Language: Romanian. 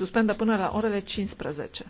Suspendă până la orele cincisprezece